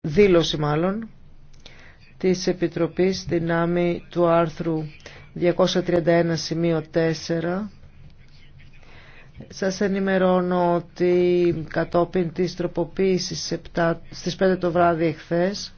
δήλωση μάλλον της Επιτροπής Δυνάμει του άρθρου 231 σημείο 4 σας ενημερώνω ότι κατόπιν της τροποποίησης στις 5 το βράδυ εχθές